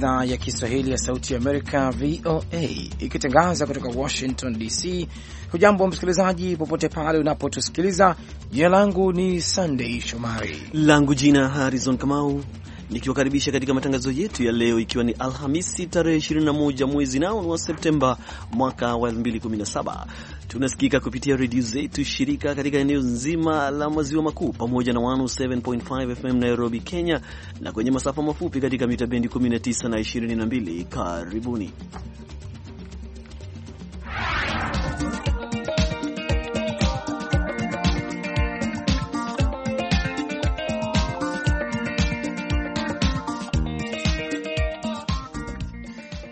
idhaa ya Kiswahili ya Sauti ya Amerika, VOA, ikitangaza kutoka Washington DC. Hujambo msikilizaji, popote pale unapotusikiliza. Jina langu ni Sandei Shomari, langu jina Harizon Kamau, nikiwakaribisha katika matangazo yetu ya leo, ikiwa ni Alhamisi tarehe 21 mwezi nao wa Septemba mwaka wa 2017 Tunasikika kupitia redio zetu shirika katika eneo nzima la maziwa makuu pamoja na 107.5 FM Nairobi, Kenya, na kwenye masafa mafupi katika mita bendi 19 na 22. Karibuni.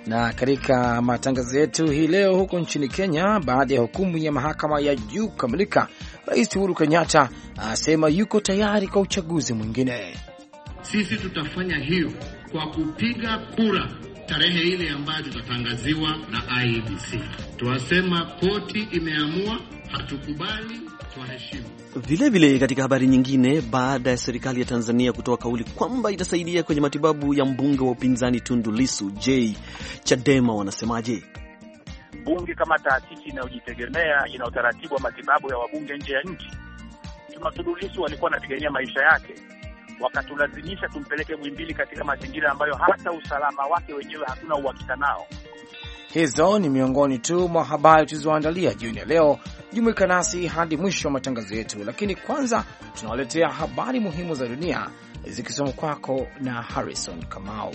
Na katika matangazo yetu hii leo, huko nchini Kenya, baada ya hukumu ya mahakama ya juu kukamilika, Rais Uhuru Kenyatta asema yuko tayari kwa uchaguzi mwingine. Sisi tutafanya hiyo kwa kupiga kura tarehe ile ambayo tutatangaziwa na IEBC. Tuwasema koti imeamua, hatukubali Vilevile katika habari nyingine, baada ya serikali ya Tanzania kutoa kauli kwamba itasaidia kwenye matibabu ya mbunge wa upinzani Tundu Lisu, je, Chadema wanasemaje? Bunge kama taasisi inayojitegemea ina utaratibu wa matibabu ya wabunge nje ya nchi. Tuna Tundu Lisu walikuwa wanapigania maisha yake, wakatulazimisha tumpeleke Mwimbili katika mazingira ambayo hata usalama wake wenyewe hatuna uhakika nao. Hizo ni miongoni tu mwa habari tulizoandalia jioni ya leo. Jumuika nasi hadi mwisho wa matangazo yetu, lakini kwanza tunawaletea habari muhimu za dunia zikisoma kwako na Harrison Kamau.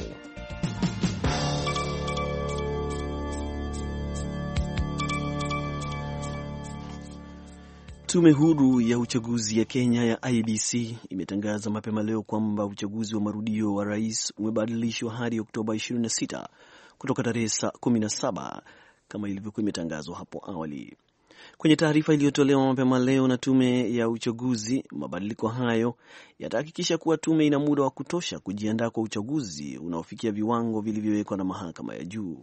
Tume huru ya uchaguzi ya Kenya ya IBC e imetangaza mapema leo kwamba uchaguzi wa marudio wa rais umebadilishwa hadi Oktoba 26 kutoka tarehe 17 kama ilivyokuwa imetangazwa hapo awali. Kwenye taarifa iliyotolewa mapema leo na tume ya uchaguzi, mabadiliko hayo yatahakikisha kuwa tume ina muda wa kutosha kujiandaa kwa uchaguzi unaofikia viwango vilivyowekwa na mahakama ya juu.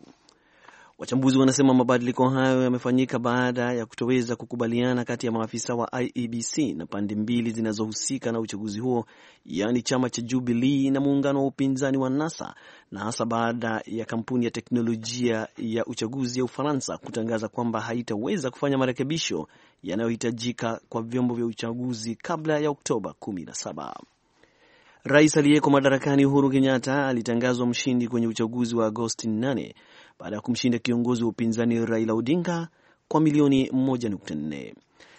Wachambuzi wanasema mabadiliko hayo yamefanyika baada ya kutoweza kukubaliana kati ya maafisa wa IEBC na pande mbili zinazohusika na uchaguzi huo, yaani chama cha Jubilee na muungano wa upinzani wa NASA, na hasa baada ya kampuni ya teknolojia ya uchaguzi ya Ufaransa kutangaza kwamba haitaweza kufanya marekebisho yanayohitajika kwa vyombo vya uchaguzi kabla ya Oktoba 17. Rais aliyeko madarakani Uhuru Kenyatta alitangazwa mshindi kwenye uchaguzi wa Agosti 8 baada ya kumshinda kiongozi wa upinzani Raila Odinga kwa milioni 1.4.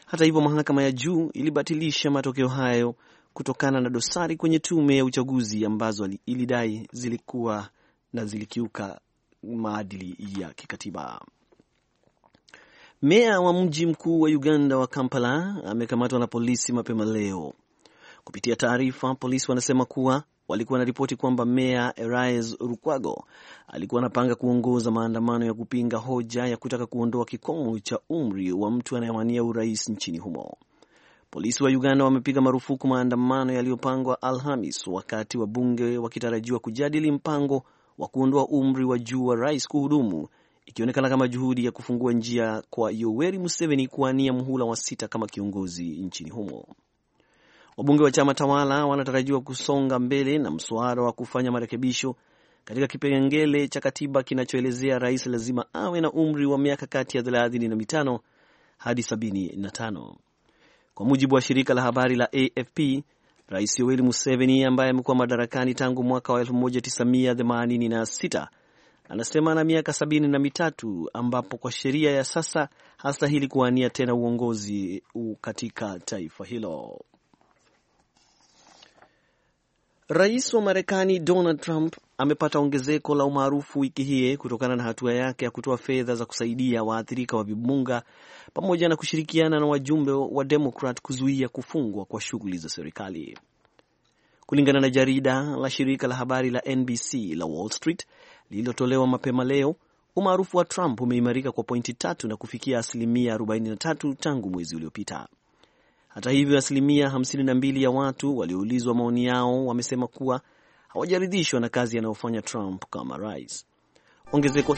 Hata hivyo, mahakama ya juu ilibatilisha matokeo hayo kutokana na dosari kwenye tume ya uchaguzi ambazo ilidai zilikuwa na zilikiuka maadili ya kikatiba. Meya wa mji mkuu wa Uganda wa Kampala amekamatwa na polisi mapema leo Kupitia taarifa, polisi wanasema kuwa walikuwa na ripoti kwamba meya Eraes rukwago alikuwa anapanga kuongoza maandamano ya kupinga hoja ya kutaka kuondoa kikomo cha umri wa mtu anayewania urais nchini humo. Polisi wa Uganda wamepiga marufuku maandamano yaliyopangwa Alhamis wakati wa bunge wakitarajiwa kujadili mpango wa kuondoa umri wa juu wa rais kuhudumu, ikionekana kama juhudi ya kufungua njia kwa Yoweri Museveni kuwania muhula wa sita kama kiongozi nchini humo. Wabunge wa chama tawala wanatarajiwa kusonga mbele na mswada wa kufanya marekebisho katika kipengele cha katiba kinachoelezea rais lazima awe na umri wa miaka kati ya 35 hadi 75. Kwa mujibu wa shirika la habari la AFP, Rais Yoweri Museveni ambaye amekuwa madarakani tangu mwaka wa 1986 anasema ana miaka sabini na mitatu ambapo kwa sheria ya sasa hastahili kuwania tena uongozi katika taifa hilo. Rais wa Marekani Donald Trump amepata ongezeko la umaarufu wiki hii kutokana na hatua yake ya kutoa fedha za kusaidia waathirika wa vibunga pamoja na kushirikiana na wajumbe wa Demokrat kuzuia kufungwa kwa shughuli za serikali. Kulingana na jarida la shirika la habari la NBC la Wall Street lililotolewa mapema leo, umaarufu wa Trump umeimarika kwa pointi tatu na kufikia asilimia 43 tangu mwezi uliopita. Hata hivyo, asilimia 52 ya watu walioulizwa maoni yao wamesema kuwa hawajaridhishwa na kazi anayofanya Trump kama rais. Ongezeko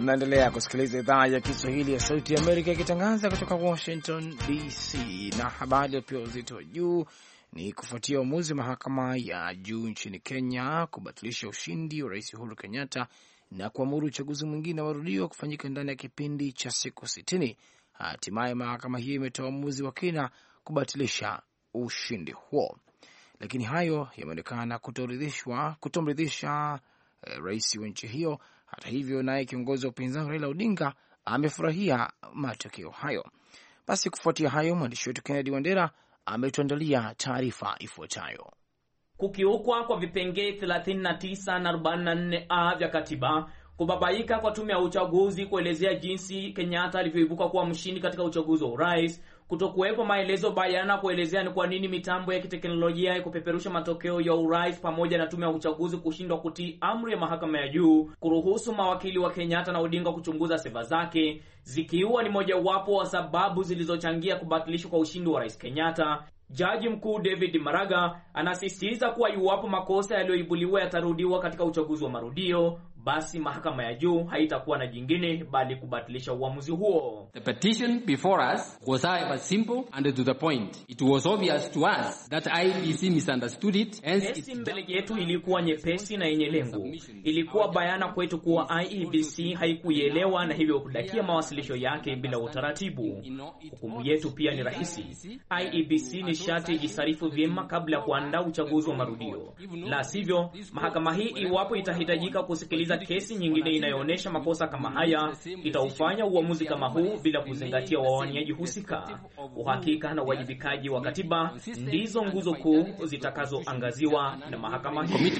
Naendelea kusikiliza idhaa ya Kiswahili ya Sauti ya Amerika ikitangaza kutoka Washington DC, na habari iliyopewa uzito wa juu ni kufuatia uamuzi mahakama ya juu nchini Kenya kubatilisha ushindi wa Rais Uhuru Kenyatta na kuamuru uchaguzi mwingine wa rudio kufanyika ndani ya kipindi cha siku sitini. Hatimaye mahakama hiyo imetoa uamuzi wa kina kubatilisha ushindi huo, lakini hayo yameonekana kutoridhishwa kutomridhisha eh, rais wa nchi hiyo. Hata hivyo, naye kiongozi wa upinzani Raila Odinga amefurahia matokeo hayo. Basi kufuatia hayo, mwandishi wetu Kennedy Wandera ametuandalia taarifa ifuatayo. Kukiukwa kwa vipengee 39 na 44a vya katiba, kubabaika kwa tume ya uchaguzi kuelezea jinsi Kenyatta alivyoibuka kuwa mshindi katika uchaguzi wa urais kutokuwepo maelezo bayana kuelezea ni kwa nini mitambo ya kiteknolojia ya kupeperusha matokeo ya urais pamoja na tume ya uchaguzi kushindwa kutii amri ya mahakama ya juu kuruhusu mawakili wa Kenyatta na Odinga kuchunguza seva zake, zikiwa ni mojawapo wa sababu zilizochangia kubatilishwa kwa ushindi wa Rais Kenyatta. Jaji Mkuu David Maraga anasisitiza kuwa iwapo makosa yaliyoibuliwa yatarudiwa katika uchaguzi wa marudio, basi mahakama ya juu haitakuwa na jingine bali kubatilisha uamuzi huo. The petition before us was however simple and to the point. It was obvious to us that IEBC misunderstood it. Kesi mbele yetu ilikuwa nyepesi na yenye lengo. Ilikuwa bayana kwetu kuwa IEBC haikuielewa na hivyo kudakia mawasilisho yake bila utaratibu. Hukumu yetu pia ni rahisi. IEBC ni sharti jisarifu vyema kabla ya kuandaa uchaguzi wa marudio, la sivyo mahakama hii, iwapo itahitajika kusikiliza kusikiliza kesi nyingine inayoonyesha makosa kama haya itaufanya uamuzi kama huu bila kuzingatia wawaniaji husika. Uhakika na uwajibikaji wa katiba ndizo nguzo kuu zitakazoangaziwa na mahakama hii.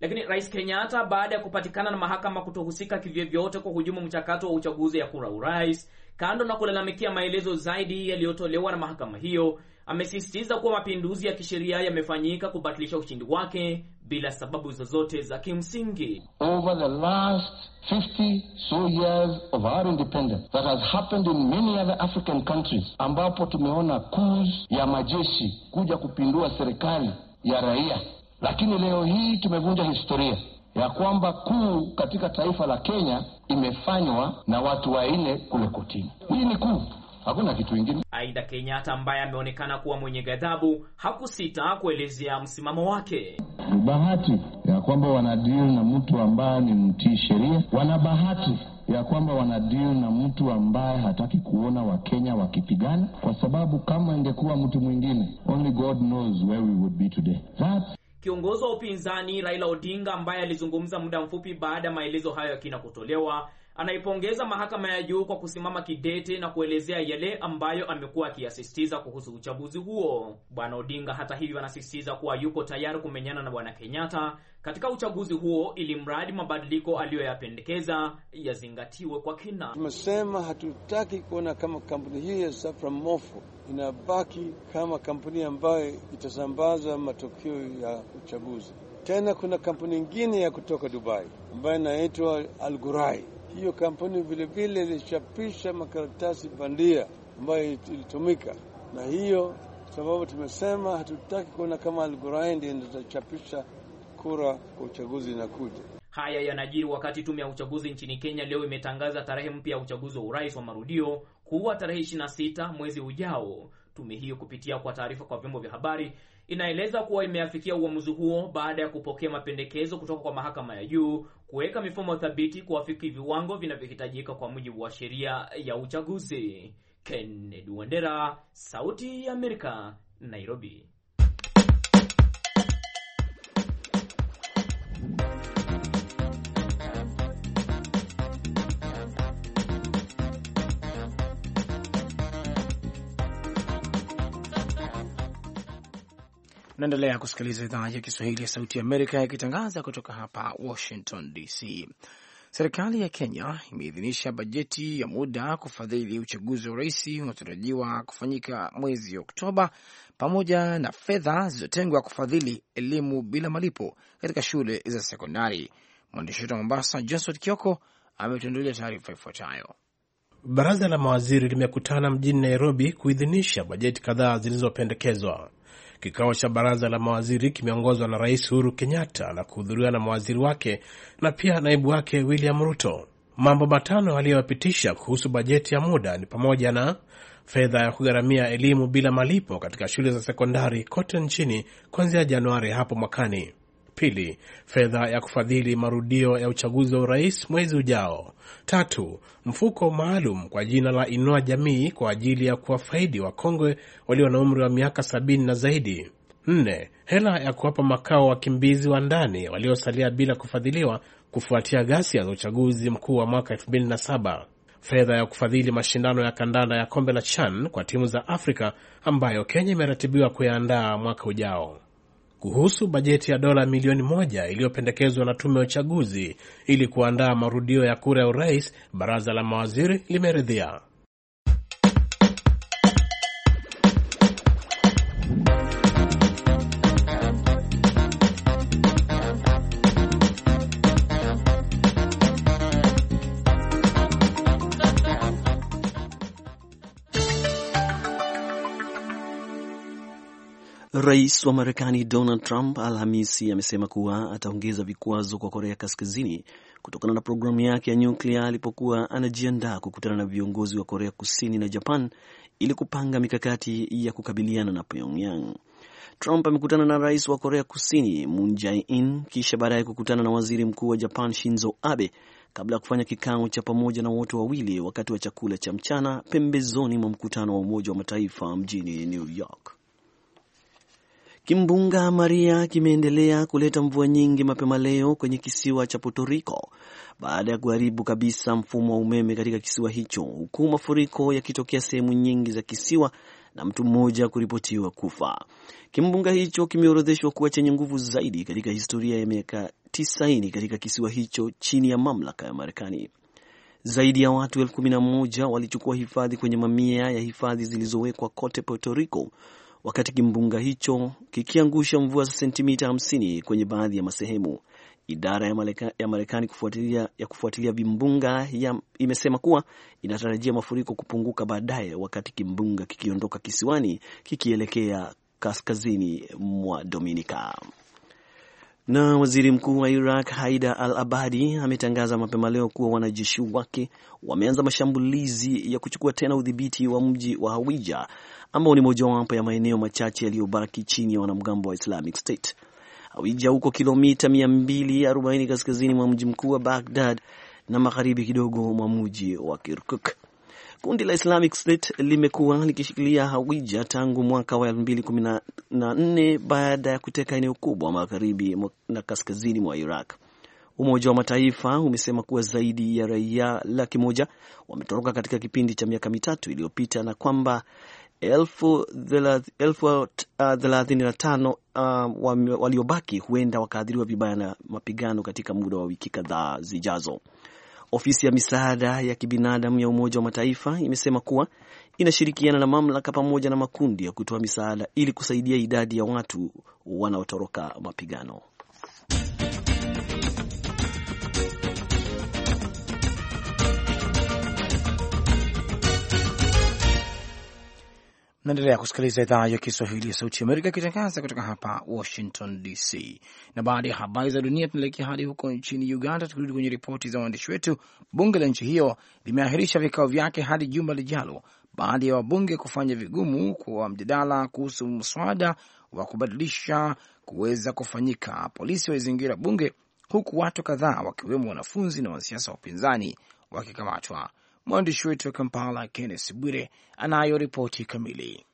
Lakini Rais Kenyatta baada ya kupatikana na mahakama kutohusika kivyovyote kwa hujumu mchakato wa uchaguzi ya kura urais, kando na kulalamikia maelezo zaidi yaliyotolewa na mahakama hiyo amesisitiza kuwa mapinduzi ya kisheria yamefanyika kubatilisha ushindi wake bila sababu zozote za kimsingi. Over the last 50 so years of our independence that has happened in many other African countries, ambapo tumeona coups ya majeshi kuja kupindua serikali ya raia, lakini leo hii tumevunja historia ya kwamba kuu katika taifa la Kenya imefanywa na watu wanne kule kotini. Hii ni kuu hakuna kitu ingine. Aidha, Kenyatta ambaye ameonekana kuwa mwenye ghadhabu hakusita kuelezea msimamo wake. Ni bahati ya kwamba wanadeal na mtu ambaye ni mtii sheria, wana bahati ya kwamba wanadeal na mtu ambaye hataki kuona Wakenya wakipigana, kwa sababu kama ingekuwa mtu mwingine, only God knows where we would be today. That's Kiongozi wa upinzani Raila Odinga ambaye alizungumza muda mfupi baada ya maelezo hayo ya kina kutolewa anaipongeza mahakama ya juu kwa kusimama kidete na kuelezea yale ambayo amekuwa akiyasisitiza kuhusu uchaguzi huo. Bwana Odinga hata hivyo anasisitiza kuwa yuko tayari kumenyana na Bwana Kenyatta katika uchaguzi huo, ili mradi mabadiliko aliyoyapendekeza yazingatiwe kwa kina. Tumesema hatutaki kuona kama kampuni hii ya Safran Morpho inabaki kama kampuni ambayo itasambaza matokeo ya uchaguzi. Tena kuna kampuni ingine ya kutoka Dubai ambayo inaitwa Algurai hiyo kampuni vilevile ilichapisha makaratasi bandia ambayo ilitumika, na hiyo sababu tumesema hatutaki kuona kama Al-Ghurair itachapisha kura kwa uchaguzi inakuja. Haya yanajiri wakati tume ya uchaguzi nchini Kenya leo imetangaza tarehe mpya ya uchaguzi wa urais wa marudio kuwa tarehe 26 mwezi ujao. Tume hiyo kupitia kwa taarifa kwa vyombo vya habari inaeleza kuwa imeafikia uamuzi huo baada ya kupokea mapendekezo kutoka kwa mahakama ya juu kuweka mifumo thabiti kuafiki viwango vinavyohitajika kwa mujibu wa sheria ya uchaguzi. Kennedy Wandera, Sauti ya Amerika, Nairobi. Unaendelea kusikiliza idhaa ya Kiswahili ya Sauti Amerika ikitangaza kutoka hapa Washington DC. Serikali ya Kenya imeidhinisha bajeti ya muda kufadhili uchaguzi wa rais unaotarajiwa kufanyika mwezi Oktoba, pamoja na fedha zilizotengwa kufadhili elimu bila malipo katika shule za sekondari. Mwandishi wetu wa Mombasa, Johnson Kioko, ametuandalia taarifa ifuatayo. Baraza la mawaziri limekutana mjini Nairobi kuidhinisha bajeti kadhaa zilizopendekezwa. Kikao cha baraza la mawaziri kimeongozwa na Rais Uhuru Kenyatta na kuhudhuriwa na mawaziri wake na pia naibu wake William Ruto. Mambo matano aliyoyapitisha kuhusu bajeti ya muda ni pamoja na fedha ya kugharamia elimu bila malipo katika shule za sekondari kote nchini kuanzia Januari hapo mwakani. Pili, fedha ya kufadhili marudio ya uchaguzi wa urais mwezi ujao. Tatu, mfuko maalum kwa jina la Inua Jamii kwa ajili ya kuwafaidi wakongwe walio na umri wa miaka sabini na zaidi. Nne, hela ya kuwapa makao wakimbizi wa ndani waliosalia bila kufadhiliwa kufuatia ghasia za uchaguzi mkuu wa mwaka 2007. Fedha ya kufadhili mashindano ya kandanda ya kombe la CHAN kwa timu za Afrika ambayo Kenya imeratibiwa kuyaandaa mwaka ujao kuhusu bajeti ya dola milioni moja iliyopendekezwa na tume ya uchaguzi ili kuandaa marudio ya kura ya urais, baraza la mawaziri limeridhia. Rais wa Marekani Donald Trump Alhamisi amesema kuwa ataongeza vikwazo kwa Korea Kaskazini kutokana na programu yake ya nyuklia alipokuwa anajiandaa kukutana na viongozi wa Korea Kusini na Japan ili kupanga mikakati ya kukabiliana na Pyongyang. Trump amekutana na rais wa Korea Kusini Moon Jae-in kisha baadaye kukutana na waziri mkuu wa Japan Shinzo Abe kabla ya kufanya kikao cha pamoja na wote wawili wakati wa chakula cha mchana pembezoni mwa mkutano wa Umoja wa Mataifa mjini New York. Kimbunga Maria kimeendelea kuleta mvua nyingi mapema leo kwenye kisiwa cha Puerto Rico baada ya kuharibu kabisa mfumo wa umeme katika kisiwa hicho, huku mafuriko yakitokea sehemu nyingi za kisiwa na mtu mmoja kuripotiwa kufa. Kimbunga hicho kimeorodheshwa kuwa chenye nguvu zaidi katika historia ya miaka 90 katika kisiwa hicho chini ya mamlaka ya Marekani. Zaidi ya watu elfu kumi na moja walichukua hifadhi kwenye mamia ya hifadhi zilizowekwa kote Puerto Rico wakati kimbunga hicho kikiangusha mvua za sentimita 50 kwenye baadhi ya masehemu. Idara ya Marekani kufuatilia, ya kufuatilia vimbunga ya, imesema kuwa inatarajia mafuriko kupunguka baadaye wakati kimbunga kikiondoka kisiwani kikielekea kaskazini mwa Dominika. Na waziri mkuu wa Iraq Haida al Abadi ametangaza mapema leo kuwa wanajeshi wake wameanza mashambulizi ya kuchukua tena udhibiti wa mji wa Hawija ambao ni mojawapo ya maeneo machache yaliyobaki chini ya wanamgambo wa Islamic State. Hawija huko kilomita 240 kaskazini mwa mji mkuu wa Baghdad na magharibi kidogo mwa mji wa Kirkuk. Kundi la Islamic State limekuwa likishikilia Hawija tangu mwaka wa 2014 baada ya kuteka eneo kubwa magharibi na kaskazini mwa Iraq. Umoja wa Mataifa umesema kuwa zaidi ya raia laki moja wametoroka katika kipindi cha miaka mitatu iliyopita na kwamba elfu uh, thelathini na tano uh, waliobaki huenda wakaathiriwa vibaya na mapigano katika muda wa wiki kadhaa zijazo. Ofisi ya misaada ya kibinadamu ya Umoja wa Mataifa imesema kuwa inashirikiana na mamlaka pamoja na makundi ya kutoa misaada ili kusaidia idadi ya watu wanaotoroka mapigano. Naendelea kusikiliza idhaa ya Kiswahili ya Sauti Amerika ikitangaza kutoka hapa Washington DC. Na baada ya habari za dunia, tunaelekea hadi huko nchini Uganda, tukirudi kwenye ripoti za waandishi wetu. Bunge la nchi hiyo limeahirisha vikao vyake hadi juma lijalo baada ya wabunge kufanya vigumu kwa mjadala kuhusu mswada wa kubadilisha kuweza kufanyika. Polisi walizingira bunge, huku watu kadhaa wakiwemo wanafunzi na wanasiasa wa upinzani wakikamatwa. Mwandishi wetu wa Kampala, kennes Bwire, anayo ripoti kamili.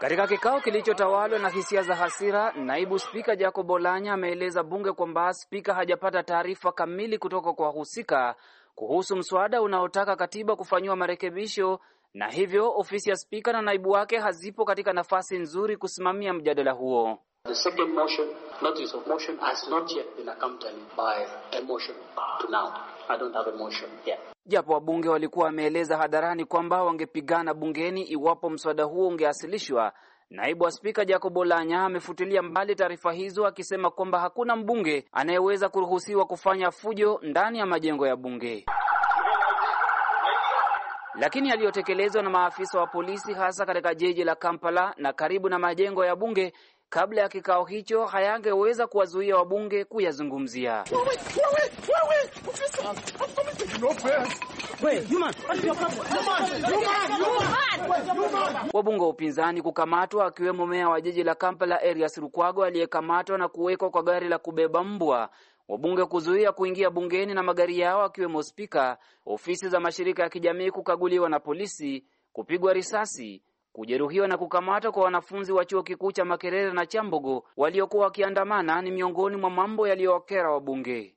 Katika kikao kilichotawalwa na hisia za hasira, naibu spika Jacob Olanya ameeleza bunge kwamba spika hajapata taarifa kamili kutoka kwa wahusika kuhusu mswada unaotaka katiba kufanyiwa marekebisho, na hivyo ofisi ya spika na naibu wake hazipo katika nafasi nzuri kusimamia mjadala huo. The second motion, notice of motion, has not yet been accompanied by a motion to now. I don't have a motion yet. Japo wabunge walikuwa wameeleza hadharani kwamba wangepigana bungeni iwapo mswada huo ungeasilishwa, naibu wa spika Jacob Olanya amefutilia mbali taarifa hizo akisema kwamba hakuna mbunge anayeweza kuruhusiwa kufanya fujo ndani ya majengo ya bunge. Lakini yaliyotekelezwa na maafisa wa polisi hasa katika jiji la Kampala na karibu na majengo ya bunge kabla ya kikao hicho hayangeweza kuwazuia wabunge kuyazungumzia. Wabunge wa upinzani kukamatwa akiwemo meya wa jiji la Kampala Erias Lukwago aliyekamatwa na kuwekwa kwa gari la kubeba mbwa wabunge kuzuia kuingia bungeni na magari yao akiwemo spika, ofisi za mashirika ya kijamii kukaguliwa na polisi, kupigwa risasi, Kujeruhiwa na kukamatwa kwa wanafunzi wa chuo kikuu cha Makerere na Chambogo waliokuwa wakiandamana ni miongoni mwa mambo yaliyowakera wabunge.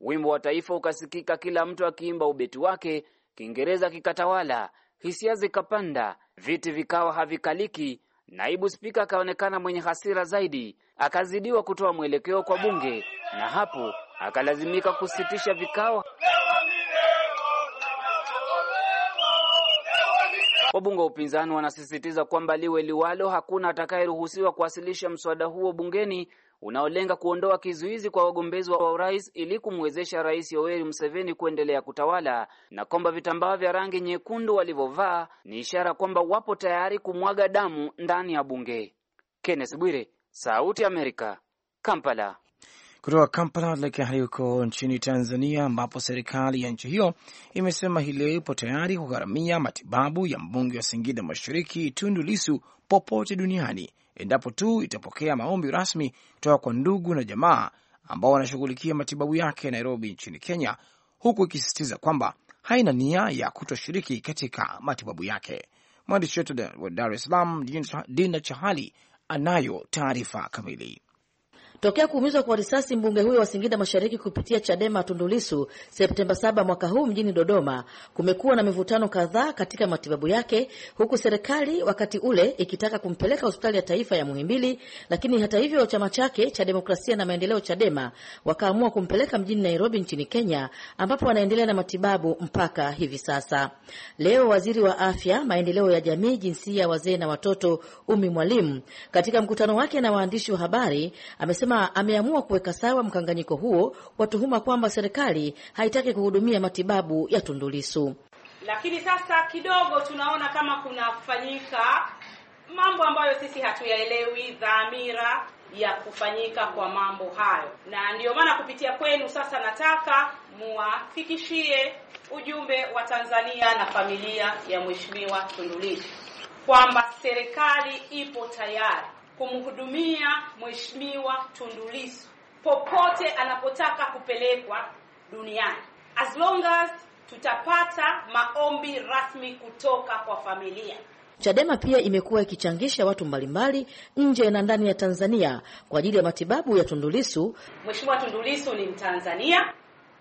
Wimbo wa taifa ukasikika, kila mtu akiimba ubeti wake, Kiingereza kikatawala, hisia zikapanda, viti vikawa havikaliki. Naibu spika akaonekana mwenye hasira zaidi, akazidiwa kutoa mwelekeo kwa bunge, na hapo akalazimika kusitisha vikao. Wabunge wa upinzani wanasisitiza kwamba liwe liwalo, hakuna atakayeruhusiwa kuwasilisha mswada huo bungeni unaolenga kuondoa kizuizi kwa wagombezi wa urais ili kumwezesha Rais Yoweri Museveni kuendelea kutawala, na kwamba vitambaa vya rangi nyekundu walivyovaa ni ishara kwamba wapo tayari kumwaga damu ndani ya bunge. Kenneth Bwire, Sauti ya Amerika, Kampala. Kutoka Kampala tuelekea hadi huko nchini Tanzania, ambapo serikali ya nchi hiyo imesema hii leo ipo tayari kugharamia matibabu ya mbunge wa Singida Mashariki Tundu Lisu popote duniani endapo tu itapokea maombi rasmi kutoka kwa ndugu na jamaa ambao wanashughulikia matibabu yake Nairobi nchini Kenya, huku ikisisitiza kwamba haina nia ya kutoshiriki katika matibabu yake. Mwandishi wetu wa Dar es Salaam, Dina Chahali, anayo taarifa kamili. Tokea kuumizwa kwa risasi mbunge huyo wa Singida Mashariki kupitia Chadema tundulisu Septemba 7 mwaka huu mjini Dodoma, kumekuwa na mivutano kadhaa katika matibabu yake, huku serikali wakati ule ikitaka kumpeleka hospitali ya taifa ya Muhimbili, lakini hata hivyo chama chake cha demokrasia na maendeleo Chadema wakaamua kumpeleka mjini Nairobi nchini Kenya, ambapo anaendelea na matibabu mpaka hivi sasa. Leo waziri wa afya, maendeleo ya jamii, jinsia, wazee na watoto Umi Mwalimu katika mkutano wake na waandishi wa habari amesema amesema ameamua kuweka sawa mkanganyiko huo wa tuhuma kwamba serikali haitaki kuhudumia matibabu ya tundulisu Lakini sasa kidogo tunaona kama kunafanyika mambo ambayo sisi hatuyaelewi, dhamira ya kufanyika kwa mambo hayo, na ndiyo maana kupitia kwenu sasa nataka muwafikishie ujumbe wa Tanzania na familia ya Mheshimiwa tundulisu kwamba serikali ipo tayari kumhudumia Mheshimiwa Tundu Lissu popote anapotaka kupelekwa duniani as long as tutapata maombi rasmi kutoka kwa familia. Chadema pia imekuwa ikichangisha watu mbalimbali nje na ndani ya Tanzania kwa ajili ya matibabu ya Tundu Lissu. Mheshimiwa Tundu Lissu ni Mtanzania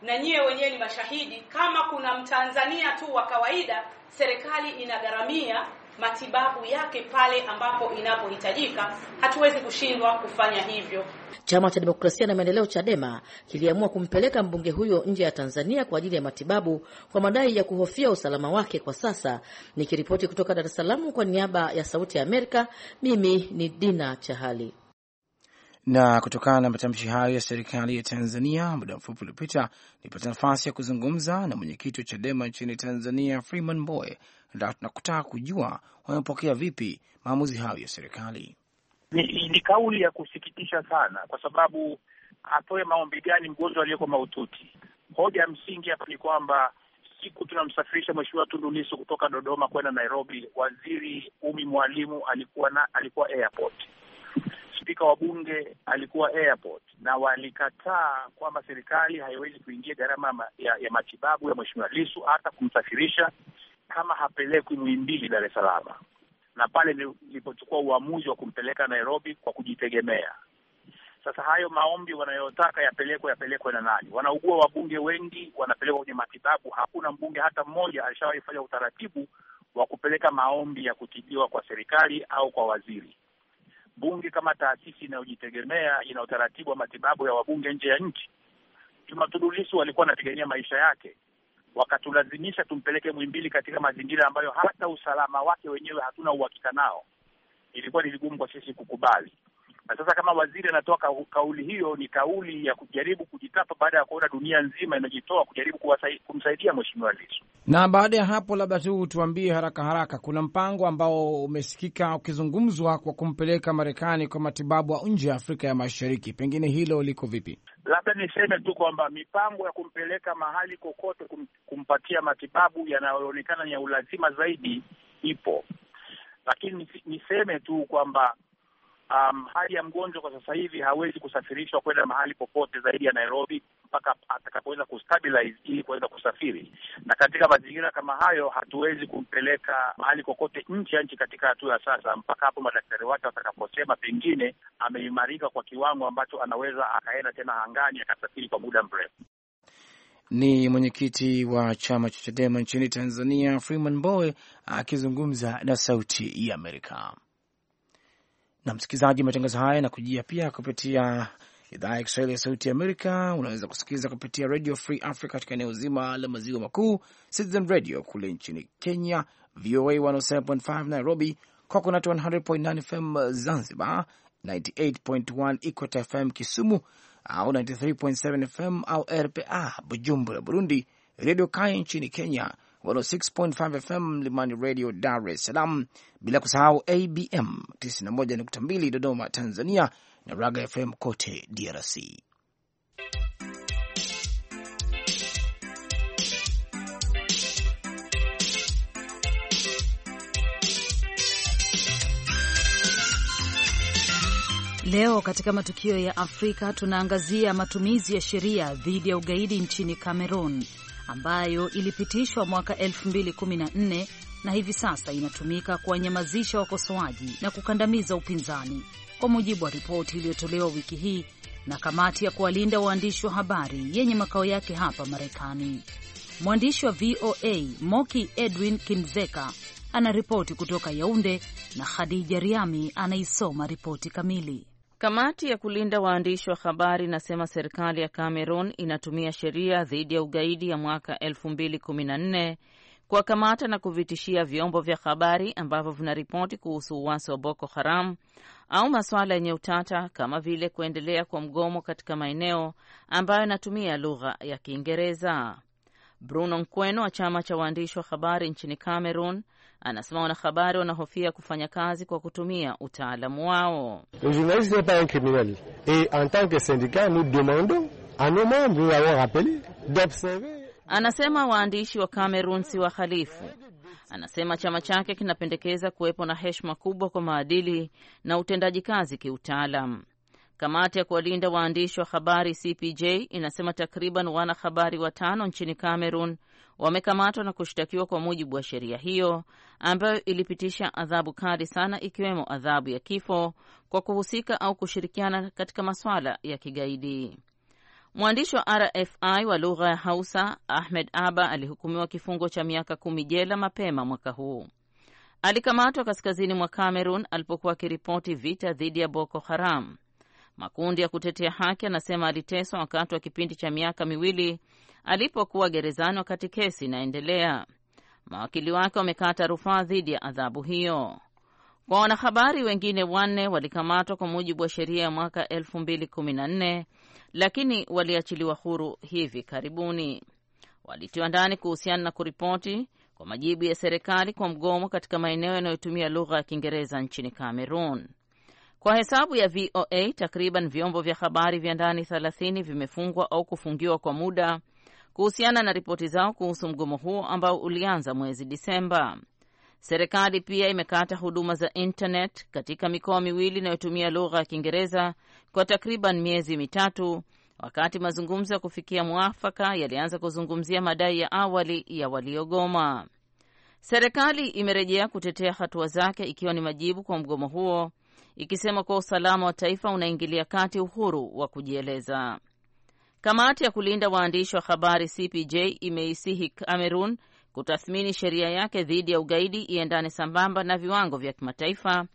na nyiwe wenyewe ni mashahidi. Kama kuna Mtanzania tu wa kawaida, serikali inagharamia matibabu yake pale ambapo inapohitajika. Hatuwezi kushindwa kufanya hivyo. Chama cha Demokrasia na Maendeleo, Chadema, kiliamua kumpeleka mbunge huyo nje ya Tanzania kwa ajili ya matibabu kwa madai ya kuhofia usalama wake kwa sasa. Nikiripoti kutoka Dar es Salaam kwa niaba ya Sauti ya Amerika, mimi ni Dina Chahali. Na kutokana na matamshi hayo ya serikali ya Tanzania, muda mfupi uliopita nilipata nafasi ya kuzungumza na mwenyekiti wa CHADEMA nchini Tanzania, Freeman Mbowe, na tunakutaka kujua wamepokea vipi maamuzi hayo ya serikali. Ni, ni kauli ya kusikitisha sana, kwa sababu atoe maombi gani mgonjwa aliyeko mahututi? Hoja ya msingi hapa ni kwamba siku tunamsafirisha Mheshimiwa Tundu Lissu kutoka Dodoma kwenda Nairobi, waziri Umi Mwalimu alikuwa na alikuwa airport spika wa bunge alikuwa airport na walikataa kwamba serikali haiwezi kuingia gharama ya, ya matibabu ya mheshimiwa Lisu hata kumsafirisha kama hapelekwi Muhimbili, Dar es Salaam, na pale nilipochukua uamuzi wa kumpeleka Nairobi kwa kujitegemea. Sasa hayo maombi wanayotaka yapelekwe yapelekwe na nani? Wanaugua wabunge wengi, wanapelekwa kwenye matibabu. Hakuna mbunge hata mmoja alishawahi fanya utaratibu wa kupeleka maombi ya kutibiwa kwa serikali au kwa waziri bunge kama taasisi inayojitegemea ina utaratibu wa matibabu ya wabunge nje ya nchi. Juma Tundu Lissu walikuwa wanapigania maisha yake, wakatulazimisha tumpeleke Mwimbili katika mazingira ambayo hata usalama wake wenyewe hatuna uhakika nao. Ilikuwa ni vigumu kwa sisi kukubali. Na sasa kama waziri anatoa kauli hiyo, ni kauli ya kujaribu kujitapa baada ya kuona dunia nzima imejitoa kujaribu kumsaidia mheshimiwa Lisu. Na baada ya hapo, labda tu tuambie haraka haraka, kuna mpango ambao umesikika ukizungumzwa kwa kumpeleka Marekani kwa matibabu nje ya Afrika ya Mashariki, pengine hilo liko vipi? Labda niseme tu kwamba mipango ya kumpeleka mahali kokote kum, kumpatia matibabu yanayoonekana ni ya ulazima zaidi ipo, lakini niseme tu kwamba um, hali ya mgonjwa kwa sasa hivi hawezi kusafirishwa kwenda mahali popote zaidi ya Nairobi mpaka atakapoweza kustabilize ili kuweza kusafiri, na katika mazingira kama hayo hatuwezi kumpeleka mahali kokote nje ya nchi katika hatua ya sasa, mpaka hapo madaktari wake watakaposema pengine ameimarika kwa kiwango ambacho anaweza akaenda tena angani akasafiri kwa muda mrefu. Ni mwenyekiti wa chama cha Chadema nchini Tanzania, Freeman Mbowe akizungumza na Sauti ya Amerika. Na msikilizaji, matangazo haya na kujia pia kupitia idhaa ya Kiswahili ya Sauti Amerika. Unaweza kusikiliza kupitia Radio Free Africa katika eneo zima la maziwa makuu, Citizen Radio kule nchini Kenya, VOA 107.5 Nairobi, Coconut 100.9 FM Zanzibar, 98.1 Equator FM Kisumu au 93.7 FM au RPA Bujumbura, Burundi, Redio Kaya nchini Kenya 106.5 FM Mlimani Radio Dar es Salaam, bila kusahau ABM 91.2 Dodoma Tanzania na Raga FM kote DRC. Leo katika matukio ya Afrika tunaangazia matumizi ya sheria dhidi ya ugaidi nchini Cameroon ambayo ilipitishwa mwaka 2014 na hivi sasa inatumika kuwanyamazisha wakosoaji na kukandamiza upinzani, kwa mujibu wa ripoti iliyotolewa wiki hii na kamati ya kuwalinda waandishi wa habari yenye makao yake hapa Marekani. Mwandishi wa VOA Moki Edwin Kinzeka anaripoti kutoka Yaunde na Khadija Riami anaisoma ripoti kamili. Kamati ya kulinda waandishi wa habari inasema serikali ya Cameroon inatumia sheria dhidi ya ugaidi ya mwaka 2014 kuwakamata na kuvitishia vyombo vya habari ambavyo vinaripoti kuhusu uasi wa Boko Haram au masuala yenye utata kama vile kuendelea kwa mgomo katika maeneo ambayo yanatumia lugha ya Kiingereza. Bruno Nkweno wa chama cha waandishi wa habari nchini Cameroon Anasema wanahabari wanahofia kufanya kazi kwa kutumia utaalamu wao. Anasema waandishi wa Kamerun si wahalifu. Anasema chama chake kinapendekeza kuwepo na heshima kubwa kwa maadili na utendaji kazi kiutaalam. Kamati ya kuwalinda waandishi wa habari CPJ inasema takriban wanahabari watano nchini Cameroon wamekamatwa na kushtakiwa kwa mujibu wa sheria hiyo ambayo ilipitisha adhabu kali sana ikiwemo adhabu ya kifo kwa kuhusika au kushirikiana katika masuala ya kigaidi. Mwandishi wa RFI wa lugha ya Hausa Ahmed Aba alihukumiwa kifungo cha miaka kumi jela mapema mwaka huu. Alikamatwa kaskazini mwa Cameroon alipokuwa akiripoti vita dhidi ya Boko Haram. Makundi ya kutetea haki anasema aliteswa wakati wa kipindi cha miaka miwili alipokuwa gerezani wakati kesi inaendelea. Mawakili wake wamekata rufaa dhidi ya adhabu hiyo. Kwa wanahabari wengine wanne walikamatwa kwa mujibu wa sheria ya mwaka 2014 lakini waliachiliwa huru hivi karibuni. Walitiwa ndani kuhusiana na kuripoti kwa majibu ya serikali kwa mgomo katika maeneo yanayotumia lugha ya Kiingereza nchini cameron Kwa hesabu ya VOA, takriban vyombo vya habari vya ndani 30 vimefungwa au kufungiwa kwa muda kuhusiana na ripoti zao kuhusu mgomo huo ambao ulianza mwezi Disemba. Serikali pia imekata huduma za intanet katika mikoa miwili inayotumia lugha ya Kiingereza kwa takriban miezi mitatu, wakati mazungumzo ya kufikia mwafaka yalianza kuzungumzia madai ya awali ya waliogoma. Serikali imerejea kutetea hatua zake ikiwa ni majibu kwa mgomo huo, ikisema kuwa usalama wa taifa unaingilia kati uhuru wa kujieleza. Kamati ya kulinda waandishi wa habari CPJ imeisihi cameroon kutathmini sheria yake dhidi ya ugaidi iendane sambamba na viwango vya kimataifa,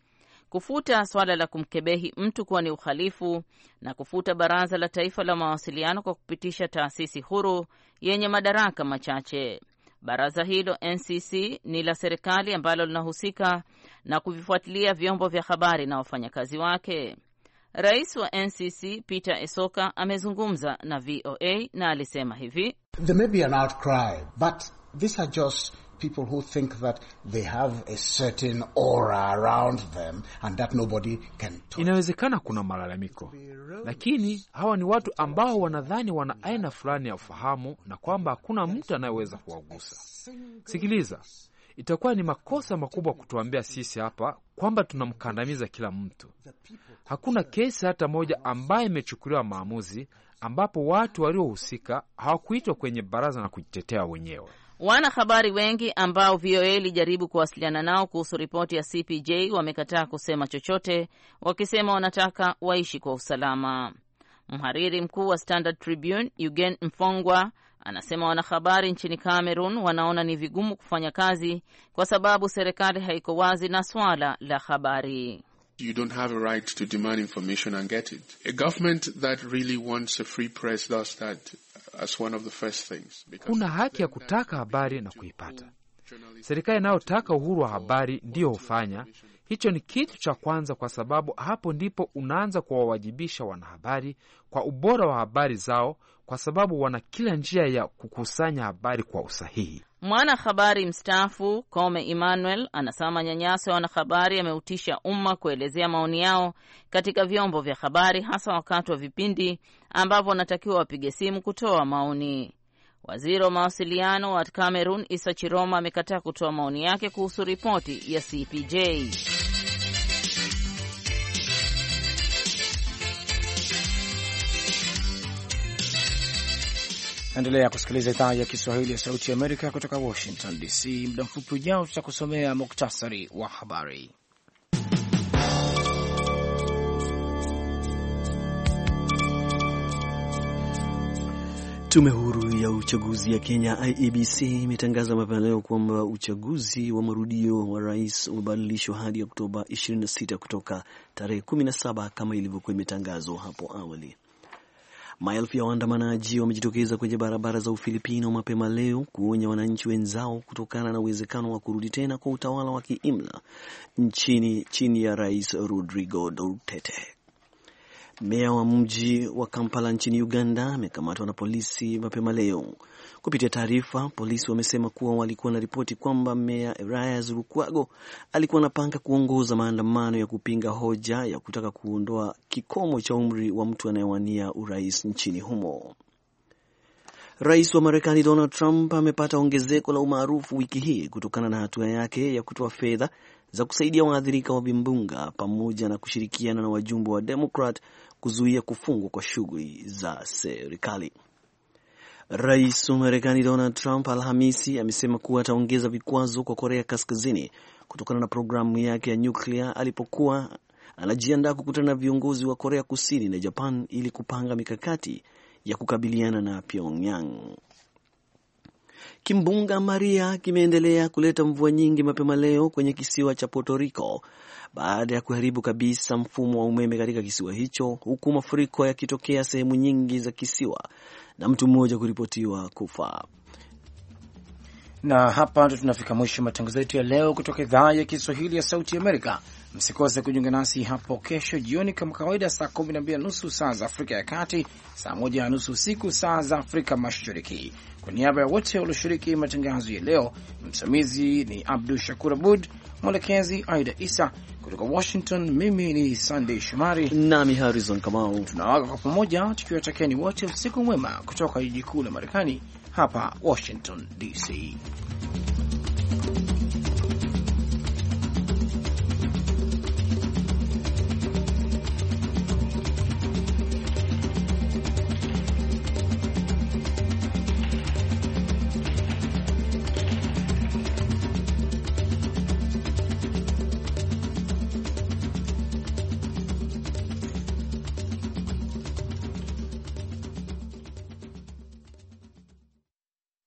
kufuta swala la kumkebehi mtu kuwa ni uhalifu na kufuta baraza la taifa la mawasiliano kwa kupitisha taasisi huru yenye madaraka machache. Baraza hilo NCC ni la serikali ambalo linahusika na kuvifuatilia vyombo vya habari na wafanyakazi wake. Rais wa NCC Peter Esoka amezungumza na VOA na alisema hivi, There may be an outcry, but these are just people who think that they have a certain aura around them and that nobody can touch. Inawezekana kuna malalamiko, lakini hawa ni watu ambao wanadhani wana aina fulani ya ufahamu na kwamba hakuna mtu anayeweza kuwagusa. Sikiliza, itakuwa ni makosa makubwa kutuambia sisi hapa kwamba tunamkandamiza kila mtu. Hakuna kesi hata moja ambaye imechukuliwa maamuzi ambapo watu waliohusika hawakuitwa kwenye baraza na kujitetea wenyewe. Wanahabari wengi ambao VOA ilijaribu kuwasiliana nao kuhusu ripoti ya CPJ wamekataa kusema chochote, wakisema wanataka waishi kwa usalama. Mhariri mkuu wa Standard Tribune Eugen Mfongwa Anasema wanahabari nchini Cameroon wanaona ni vigumu kufanya kazi kwa sababu serikali haiko wazi na swala la habari. You don't have a right to demand information and get it. A government that really wants a free press does that as one of the first things. Kuna haki ya kutaka habari na kuipata. Serikali inayotaka uhuru wa habari ndiyo hufanya hicho. Ni kitu cha kwanza, kwa sababu hapo ndipo unaanza kuwawajibisha wanahabari kwa ubora wa habari zao, kwa sababu wana kila njia ya kukusanya habari kwa usahihi. Mwanahabari mstaafu Kome Emmanuel anasema manyanyaso ya wanahabari yameutisha umma kuelezea maoni yao katika vyombo vya habari, hasa wakati wa vipindi ambavyo wanatakiwa wapige simu kutoa maoni. Waziri wa mawasiliano wa Cameroon Isa Chiroma amekataa kutoa maoni yake kuhusu ripoti ya CPJ. Naendelea kusikiliza idhaa ya Kiswahili ya Sauti ya Amerika kutoka Washington DC. Muda mfupi ujao tutakusomea muktasari wa habari. Tume huru ya uchaguzi ya Kenya IEBC imetangaza mapema leo kwamba uchaguzi wa marudio wa rais umebadilishwa hadi Oktoba 26 kutoka tarehe 17 kama ilivyokuwa imetangazwa hapo awali. Maelfu ya waandamanaji wamejitokeza kwenye barabara za Ufilipino mapema leo kuonya wananchi wenzao kutokana na uwezekano wa kurudi tena kwa utawala wa kiimla nchini chini ya Rais Rodrigo Duterte. Meya wa mji wa Kampala nchini Uganda amekamatwa na polisi mapema leo Kupitia taarifa, polisi wamesema kuwa walikuwa na ripoti kwamba meya Elias Lukwago alikuwa anapanga kuongoza maandamano ya kupinga hoja ya kutaka kuondoa kikomo cha umri wa mtu anayewania urais nchini humo. Rais wa Marekani Donald Trump amepata ongezeko la umaarufu wiki hii kutokana na hatua yake ya kutoa fedha za kusaidia waathirika wa vimbunga pamoja na kushirikiana na wajumbe wa Demokrat kuzuia kufungwa kwa shughuli za serikali. Rais wa Marekani Donald Trump Alhamisi amesema kuwa ataongeza vikwazo kwa Korea Kaskazini kutokana na programu yake ya nyuklia alipokuwa anajiandaa kukutana na viongozi wa Korea Kusini na Japan ili kupanga mikakati ya kukabiliana na Pyongyang. Kimbunga Maria kimeendelea kuleta mvua nyingi mapema leo kwenye kisiwa cha Puerto Rico baada ya kuharibu kabisa mfumo wa umeme katika kisiwa hicho, huku mafuriko yakitokea sehemu nyingi za kisiwa na mtu mmoja kuripotiwa kufa. Na hapa ndo tunafika mwisho matangazo yetu ya leo kutoka idhaa ya Kiswahili ya Sauti Amerika. Msikose kujiunga nasi hapo kesho jioni kama kawaida, saa kumi na mbili na nusu saa za Afrika ya Kati, saa moja na nusu usiku saa za Afrika Mashariki. Kwa niaba ya wote walioshiriki matangazo ya leo, msimamizi ni Abdu Shakur Abud, mwelekezi Aida Isa kutoka Washington. Mimi ni Sandey Shomari nami Harrison Kamau, tunawaga kwa pamoja tukiwatakieni wote usiku mwema kutoka jiji kuu la Marekani, hapa Washington DC.